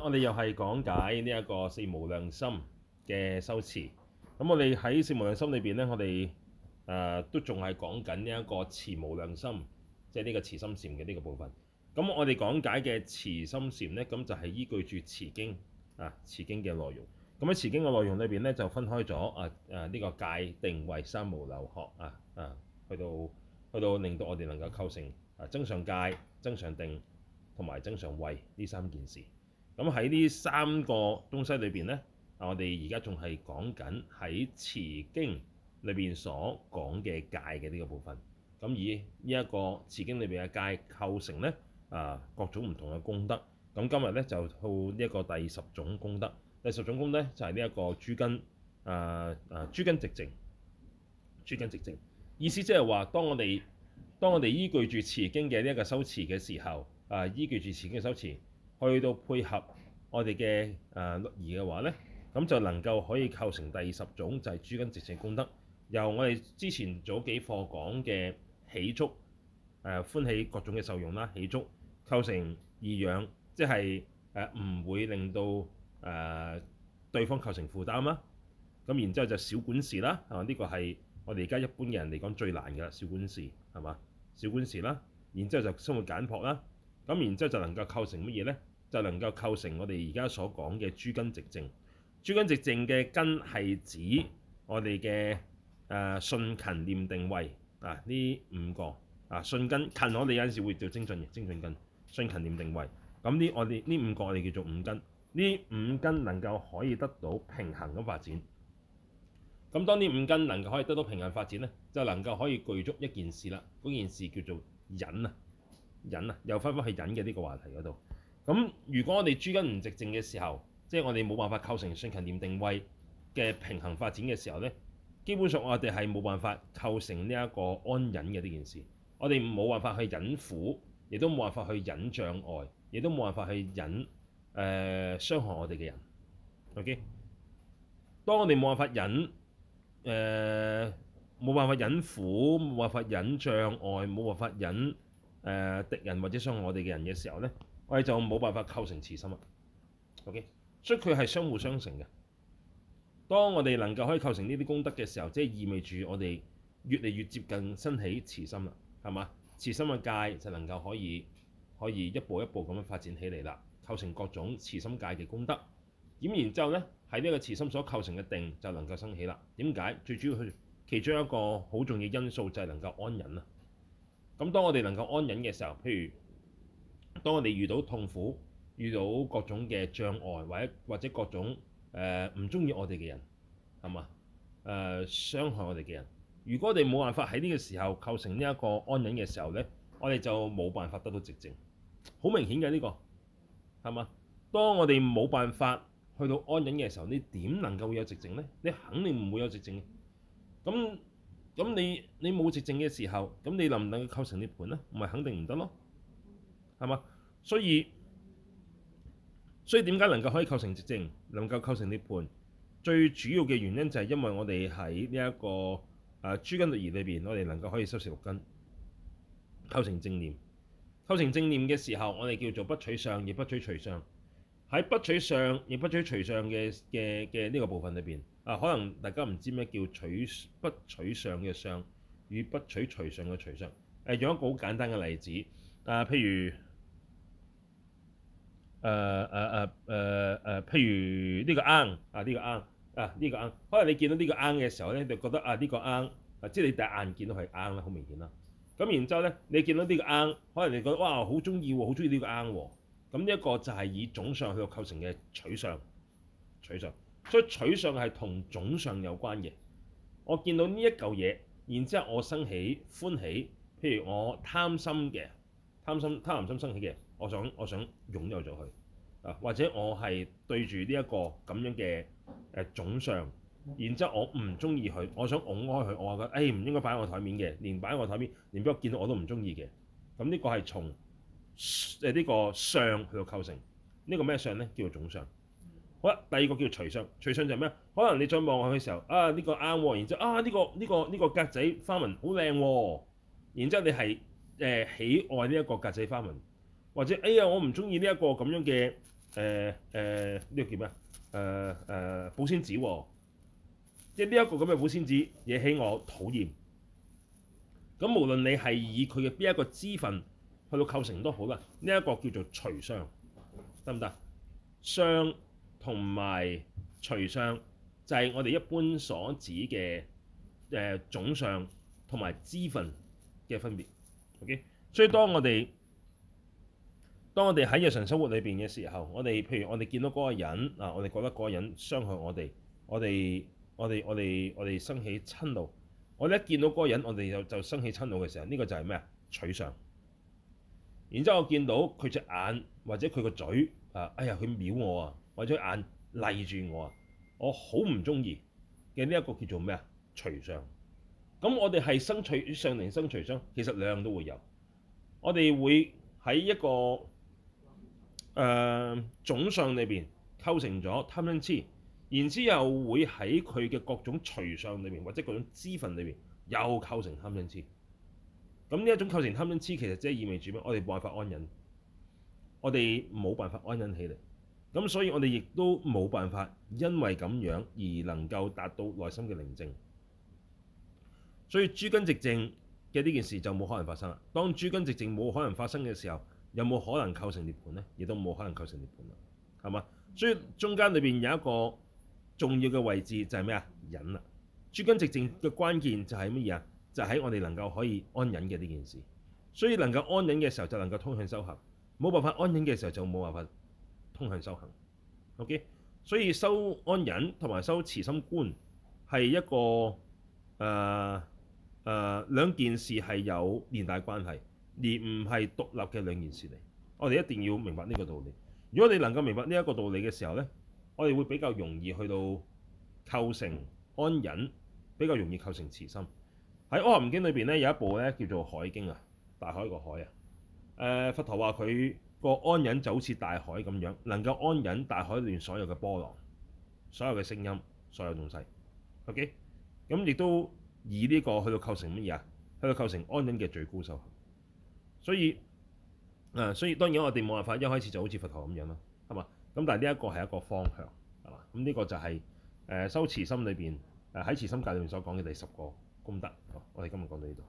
我哋又係講解呢一個四無量心嘅修持。咁我哋喺四無量心裏邊呢，我哋誒、呃、都仲係講緊呢一個慈無量心，即係呢個慈心禪嘅呢個部分。咁我哋講解嘅慈心禪呢，咁就係依據住《慈經》啊，《慈經》嘅內容。咁喺《慈經》嘅內容裏邊呢，就分開咗啊啊呢、這個戒定慧三無漏學啊啊，去到去到令到我哋能夠構成啊增上戒、增上定同埋增上慧呢三件事。咁喺呢三個東西裏邊呢，我哋而家仲係講緊喺《慈經》裏邊所講嘅戒嘅呢個部分。咁以呢一個《慈經》裏邊嘅戒構成呢，啊，各種唔同嘅功德。咁今日呢，就套呢一個第十種功德。第十種功德就係呢一個諸根，啊啊，諸根直靜，諸根直靜。意思即係話，當我哋當我哋依據住《慈經》嘅呢一個修持嘅時候，啊，依據住《慈經》嘅修持。去到配合我哋嘅律儀嘅話呢，咁就能夠可以構成第十種就係、是、諸根直成功德。由我哋之前早幾課講嘅喜足誒、呃、歡喜各種嘅受用啦，喜足構成易養，即係唔、呃、會令到誒、呃、對方構成負擔啦。咁、啊、然之後就少管事啦，啊呢、這個係我哋而家一般嘅人嚟講最難嘅少管事係嘛？少管事啦、啊，然之後就生活簡樸啦。咁、啊、然之後就能夠構成乜嘢呢？就能夠構成我哋而家所講嘅諸根直正。諸根直正嘅根係指我哋嘅誒信勤念定慧。啊呢五個啊信根，勤我哋有陣時會叫精進嘅精進根，信勤念定慧。咁呢，我哋呢五個我哋叫做五根。呢五根能夠可以得到平衡咁發展。咁當呢五根能夠可以得到平衡發展呢，就能夠可以具足一件事啦。嗰件事叫做忍啊忍啊，又翻返去忍嘅呢個話題嗰度。咁如果我哋諸根唔直正嘅時候，即係我哋冇辦法構成信勤念定慧嘅平衡發展嘅時候呢，基本上我哋係冇辦法構成呢一個安忍嘅呢件事。我哋冇辦法去忍苦，亦都冇辦法去忍障礙，亦都冇辦法去忍誒傷害我哋嘅人。O.K. 當我哋冇辦法忍誒，冇辦法忍苦，冇辦法忍障礙，冇辦法忍誒敵人或者傷害我哋嘅人嘅時候呢。佢就冇辦法構成慈心啦。OK，所以佢係相互相成嘅。當我哋能夠可以構成呢啲功德嘅時候，即係意味住我哋越嚟越接近升起慈心啦，係嘛？慈心嘅界就能夠可以可以一步一步咁樣發展起嚟啦，構成各種慈心界嘅功德。咁然之後呢，喺呢個慈心所構成嘅定就能夠生起啦。點解？最主要係其中一個好重要因素就係能夠安忍啊。咁當我哋能夠安忍嘅時候，譬如～當我哋遇到痛苦、遇到各種嘅障礙，或者或者各種誒唔中意我哋嘅人，係嘛？誒、呃、傷害我哋嘅人，如果我哋冇辦法喺呢個時候構成呢一個安忍嘅時候呢，我哋就冇辦法得到寂靜。好明顯嘅呢、呢個係嘛？當我哋冇辦法去到安忍嘅時候，你點能夠有寂靜呢？你肯定唔會有寂靜。咁咁你你冇寂靜嘅時候，咁你能唔能夠構成涅盤呢？唔係，肯定唔得咯，係嘛？所以所以點解能夠可以構成寂靜，能夠構成涅盤，最主要嘅原因就係因為我哋喺呢一個誒諸、啊、根律儀裏邊，我哋能夠可以收攝六根，構成正念。構成正念嘅時候，我哋叫做不取相，亦不取隨相。喺不取相亦不取隨相嘅嘅嘅呢個部分裏邊，啊，可能大家唔知咩叫取不取相嘅相，與不取隨相嘅隨相。誒、啊，用一個好簡單嘅例子，誒、啊，譬如。誒誒誒誒誒，譬如呢個罌啊，呢、這個罌啊，呢、這個罌。可能你見到呢個罌嘅時候咧、啊這個，就覺得啊呢個罌，即係你第一眼見到係罌啦，好明顯啦。咁然之後咧，你見到呢個罌，可能你覺得哇好中意喎，好中意呢個罌喎。咁一個就係以總相去度構成嘅取相，取相。所以取相係同總相有關嘅。我見到呢一嚿嘢，然之後我生起歡喜，譬如我貪心嘅，貪心貪婪心生起嘅。我想我想擁有咗佢啊，或者我係對住呢一個咁樣嘅誒總相，然之後我唔中意佢，我想拱開佢，我話佢誒唔應該擺喺我台面嘅，連擺喺我台面，連俾我見到我都唔中意嘅。咁、嗯、呢、這個係從誒呢、呃這個相去到構成、這個、呢個咩相咧？叫做總相。好，第二個叫隨相，隨相就係咩？可能你再望佢嘅時候啊，呢、這個啱喎、啊，然之後啊呢、這個呢、這個呢、這個格仔花紋好靚喎，然之後你係誒、呃、喜愛呢一個格仔花紋。或者哎呀，我唔中意呢一個咁樣嘅誒誒呢個叫咩啊？誒、呃、誒、呃、保鮮紙喎，即係呢一個咁嘅保鮮紙惹起我討厭。咁無論你係以佢嘅邊一個資分去到構成都好啦，呢、這、一個叫做除相得唔得？相同埋除相就係我哋一般所指嘅誒總相同埋資分嘅分別。OK，所以當我哋當我哋喺日常生活裏邊嘅時候，我哋譬如我哋見到嗰個人啊，我哋覺得嗰個人傷害我哋，我哋我哋我哋我哋生起嗔怒。我哋一見到嗰個人，我哋就就生起嗔怒嘅時候，呢、這個就係咩啊？取相。然之後我見到佢隻眼或者佢個嘴啊，哎呀佢藐我啊，或者，哎、或者眼厲住我啊，我好唔中意嘅呢一個叫做咩啊？取相。咁我哋係生取相定生取相，其實兩樣都會有。我哋會喺一個。誒總相裏邊構成咗貪嗔痴，然之後又會喺佢嘅各種隨相裏面或者各種資分裏面又構成貪嗔痴。咁呢一種構成貪嗔痴其實即係意味住咩？我哋冇辦法安忍，我哋冇辦法安忍起嚟。咁所以我哋亦都冇辦法因為咁樣而能夠達到內心嘅寧靜。所以諸根直正嘅呢件事就冇可能發生啦。當諸根直正冇可能發生嘅時候，有冇可能構成涅槃呢？亦都冇可能構成涅槃啦，係嘛？所以中間裏邊有一個重要嘅位置就係咩啊？忍啦！諸根直證嘅關鍵就係乜嘢啊？就喺、是、我哋能夠可以安忍嘅呢件事。所以能夠安忍嘅時候，就能夠通向修行。冇辦法安忍嘅時候，就冇辦法通向修行。OK，所以修安忍同埋修慈心觀係一個誒誒、呃呃、兩件事係有連帶關係。而唔係獨立嘅兩件事嚟，我哋一定要明白呢個道理。如果你能夠明白呢一個道理嘅時候呢，我哋會比較容易去到構成安忍，比較容易構成慈心。喺《阿含經》裏邊咧有一部咧叫做《海經》啊，大海個海啊，呃，佛陀話佢個安忍就好似大海咁樣，能夠安忍大海裏面所有嘅波浪、所有嘅聲音、所有東西。OK，咁亦都以呢個去到構成乜嘢啊？去到構成安忍嘅最高修所以，誒、啊，所以當然我哋冇辦法一開始就好似佛陀咁樣咯，係嘛？咁但係呢一個係一個方向，係嘛？咁呢個就係、是、誒、呃、修慈心裏面，喺、呃、慈心界慈心教裏面所講嘅第十個功德。我哋今日講到呢度。